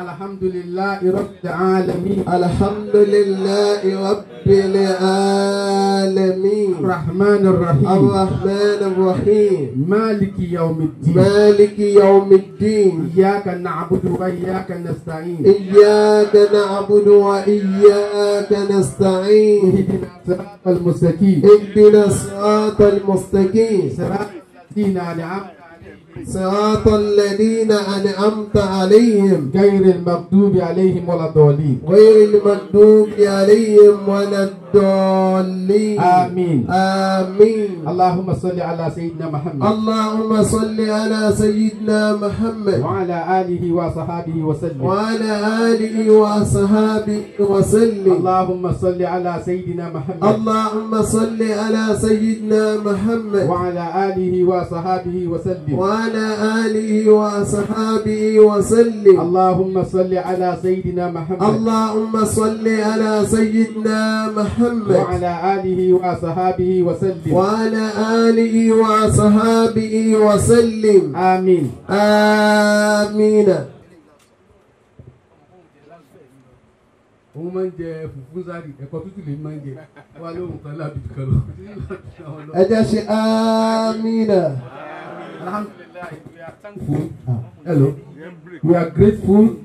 الحمد لله رب العالمين الحمد لله رب العالمين الرحمن الرحيم الرحمن الرحيم مالك يوم الدين مالك يوم الدين إياك نعبد وإياك نستعين إياك نعبد وإياك نستعين اهدنا الصراط المستقيم اهدنا الصراط المستقيم صراط الذين أنعمت صراط الذين أنعمت عليهم غير المغضوب عليهم ولا الضالين غير المغضوب عليهم ولا الضالين الضالين آمين آمين اللهم صل على سيدنا محمد اللهم صل على سيدنا محمد وعلى آله وصحابه وسلم وعلى آله وصحابه وسلم اللهم صل على سيدنا محمد اللهم صل على سيدنا محمد وعلى آله وصحابه وسلم وعلى آله وصحابه وسلم اللهم صل على سيدنا محمد اللهم صل على سيدنا محمد محمد وعلى آله وصحابه وسلم وعلى آله وصحابه وسلم آمين آمين آمين الحمد لله we are grateful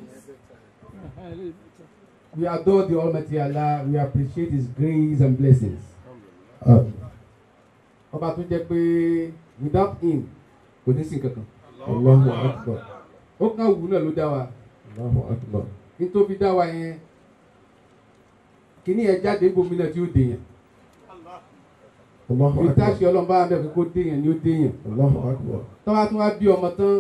We adore the Almighty Allah. We appreciate His grace and blessings. Ọba tó jẹ́ pé without him kò ní sí kankan. Allahu akbar. Ó kàn wù náà ló dá wa. Allahu akbar. Nítorí dá wa yẹn, kìíní yẹn jáde bomi náà tí ó dè yẹn. Allahu akbar. Ìtàṣì ọlọ́mọba abẹ́fẹ́ kó dè yẹn ni ó dè yẹn. Allahu akbar. Tọ́wá tún wá bí ọmọ tán.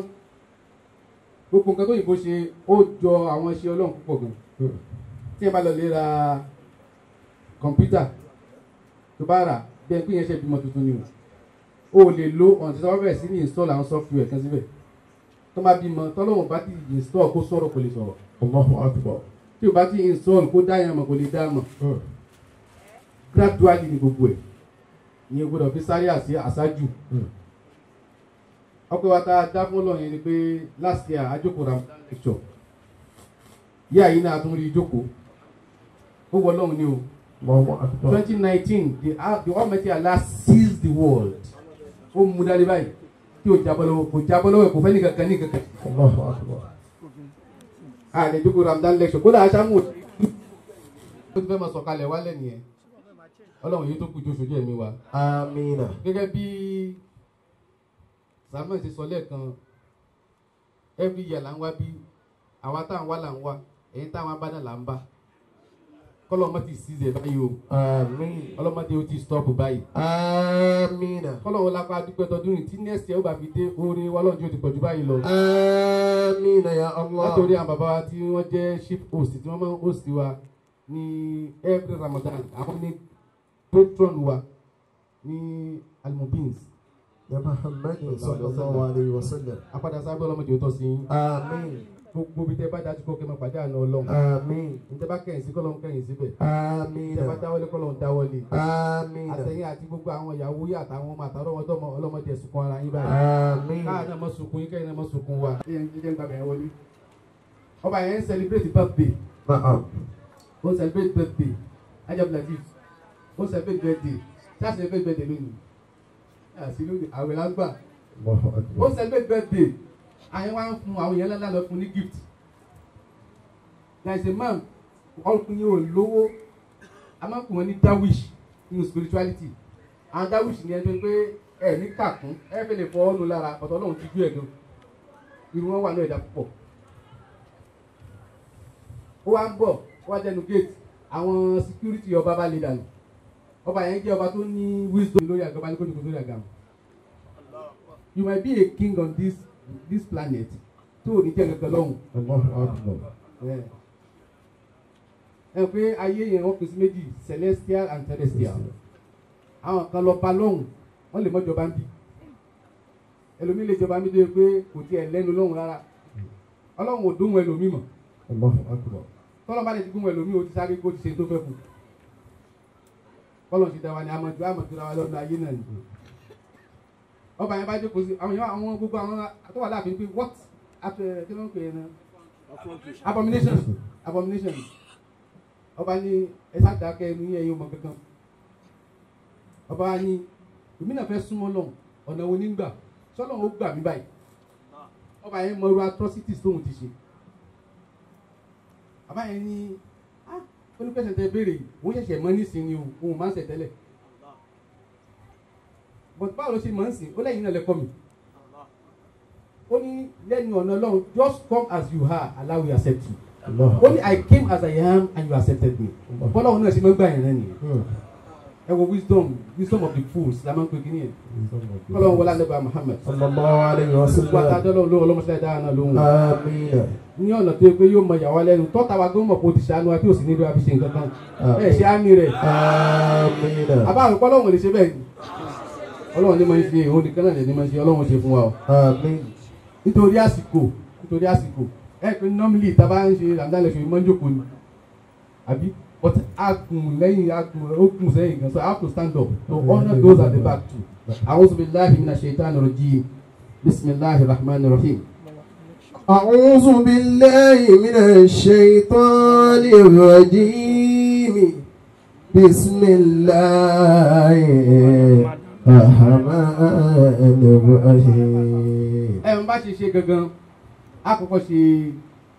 Gbogbo nǹkan tó yìnbó ṣe ó jọ àwọn iṣẹ́ Ọlọ́run púpọ̀ gan. Hmm kí ẹ máa lọ lè ra kọ̀ǹpútà tó bá rà bí ẹ pé yẹn ṣe bímọ tuntun ni o lè lo ọ̀nà tí wọ́n bẹ̀rẹ̀ sí ní install àwọn software kan síbẹ̀ tó máa bímọ tọ́lọ́wọ̀n bá ti install kó sọ̀rọ̀ kò lè sọ̀rọ̀ Allahu Akbar tí o bá ti install kó dá yẹn mọ̀ kò lè dá mọ̀ hmm. gradually ni gbogbo ẹ̀ ni o gbọ́dọ̀ fi sáré àti àṣáájú hmm. ọpẹ́ wa tá dá fún lọ́yìn ni pé last year àjókòó ra lecture yíyá yìí náà tún rí ìjókòó ó wọ ni o. twenty nineteen uh, the almighty Allah seized the world ó mú dálé báyìí tí o jábọ́ lọ́wọ́ kò jábọ́ lọ́wọ́ kò fẹ́ ní kankan ní kankan. a lè dúró lecture kódà aṣáájú ó ti fẹ́ máa sọ̀kalẹ̀ wálẹ̀ nìyẹn ọlọ́run yìí tó kù ju oṣooṣù ẹ̀mí wa. amina. gẹ́gẹ́ bí Samuel ti sọ lẹ́ẹ̀kan every year là ń wá bí àwa tá à ń wá là ń wá èyí táwọn abá là ń bá kọ́lọ́mọ ti ṣiṣẹ́ báyìí o. àmín. ọlọ́mọ ti o ti stọ́ọ̀pù báyìí. àmín. kọ́lọ́mọ lápá dúpẹ́ tọdún yìí tí next year ó bá fi dé orin wa lọ́njọ́ ti pọ̀jù báyìí lọ. àmín ya Allah. látòrí àwọn bàbá wa tí wọ́n jẹ́ ship host tí wọ́n máa ń host wa ní every Ramadan àwọn ní patron wa ní almobins. ya Muhammad sallallahu alaihi wasallam. apàdásá gbọ́dọ̀ mọ̀ jẹ́ sí i gbogbo bí tẹ bá dájú kọ́ kẹ́ máa pàdé àná ọlọ́run. àmín. ntẹ bá kẹ̀yìn sí kọ́lọ́n kẹ̀yìn síbẹ̀. àmín. tẹ bá dáwọ́lé kọ́lọ́n dáwọ́lé. àmín. àtẹ̀yìn àti gbogbo àwọn ìyàwó yà àtàwọn ọmọ àtàwọn ọmọdé ọmọ ọlọ́mọdé ẹ̀sùn kan ara yín báyìí. àmín. káàná mọ sunkún yín kẹ́yìn náà mọ sunkún wa. ọba yẹn ń celebrate birthday. ó ń celebrate birthday. ajab latif ó ń celebrate birthday. sáà celebrate birthday lónìí. àṣìlónìí àwẹ̀ lágbà. ó ń celebrate àyẹ̀wò àwọn fún àwọn èèyàn ńláńlá lọ fún ní gift there is a man ọkùnrin ò lówó a máa ń pè wọ́n ní dawish nínú spirituality àwọn dawish ni ẹni tó ń pé ẹ ní kàkún ẹ fẹ́ lè fọ́ ọ́nù lára ọ̀tọ̀ ọlọ́run ti jú ẹ̀ gan irú wọn wà ní ẹ̀dá púpọ̀ ó wá ń bọ̀ ó wá dẹnu gate àwọn security ọba bá lè dànù ọba yẹn jẹ́ ọba tó ní wisdom lórí àgbà balẹ̀ kó ní kó lórí àgbà you might be a king on this this planet tó ò ní jẹ́ kankan lọ́hùn. ẹ pé ayé yẹn wọ́n pín sí méjì celestial and terrestrial àwọn kan lọ ba lọ́hùn wọ́n lè mọ́jọba ń bì ẹlòmíì lè jọba ń bì tó yẹ pé kò tiẹ̀ lẹ́nu lọ́hùn rárá ọlọ́run ò dóhùn ẹlòmíì mọ̀ tọ́lọ́ bá lè ti gún ẹlòmíì ó ti sáré kó ti ṣe tó fẹ́ fún kọ́lọ̀ ti dá wa ní amọ̀túra wa lọ́dún ayé náà nìyẹn ọba yẹn bá jókòó sí àwọn yẹn àwọn gbogbo àwọn tó wà láàfin pé what eh, kí ló ń pè é náà abomination abomination ọba ní ẹsẹ àdàkẹ ẹnu yẹn yóò mọ kankan ọba ní èmi náà fẹ́ súnmọ́ lọ́hùn ọ̀nà wo ní gbà sọ́lọ́hùn ó gbà mí báyìí ọba yẹn mọ irú atrocities tóun ti ṣe bàbá yẹn ní ah onípẹ̀sẹ̀ tẹ béèrè òun ṣẹ̀ṣẹ̀ mọ́ nísìnyí o òun máa ń ṣẹ̀ tẹ́lẹ̀ but báwo ló ṣe máa ń sìn ó lẹ́yìn náà lẹ́kọ́ mi ó ní lẹ́nu ọ̀nà ọlọ́run just come as you are Allah will accept you ó ní I came as I am and you accepted me bọ́lá òun náà ṣe máa ń gbà yẹn náà ẹ wo wisdom wisdom of the fools la máa ń pè kí nìyẹn kọ́lọ́run wọlé alẹ́ Muhammad sallallahu alaihi wasallam wàtá dọ́lọ́ olóhùn ọlọ́mọṣẹ́ dáhà náà lóhùn ní ọ̀nà tó yẹ pé yóò mọ ìyàwó lẹ́nu tọ́ta wa gbọ́n mọ̀ kó ti ṣàánú wa tí ò sì nílò àfiṣe nǹkan kan ẹ̀ ṣe àmì rẹ̀ àbá àrùn kọ́lọ́run ò lè ṣe bẹ́ẹ̀ ọlọ́run ní máa ń ṣe òun nìkan náà ní máa ń ṣe ọlọ́run ṣe fún wa o. nítorí àsìkò nítorí àsìkò ẹ pé normally tá a bá ń ṣe ramadan lẹ́sọ̀ ìmọ̀ ń jòkó ni àbí but a kun lẹ́yìn a kun ó kun sẹ́yìn gan so I have to stand up to honour those at the back too. a'udhu billahi minash shaitani rajim bismillahir rahmanir rahim. a'udhu billahi minash shaitani rajim bismillah. Rahman Rahim. ẹ̀ ń bá ṣe ṣe gangan a kọ́kọ́ ṣe.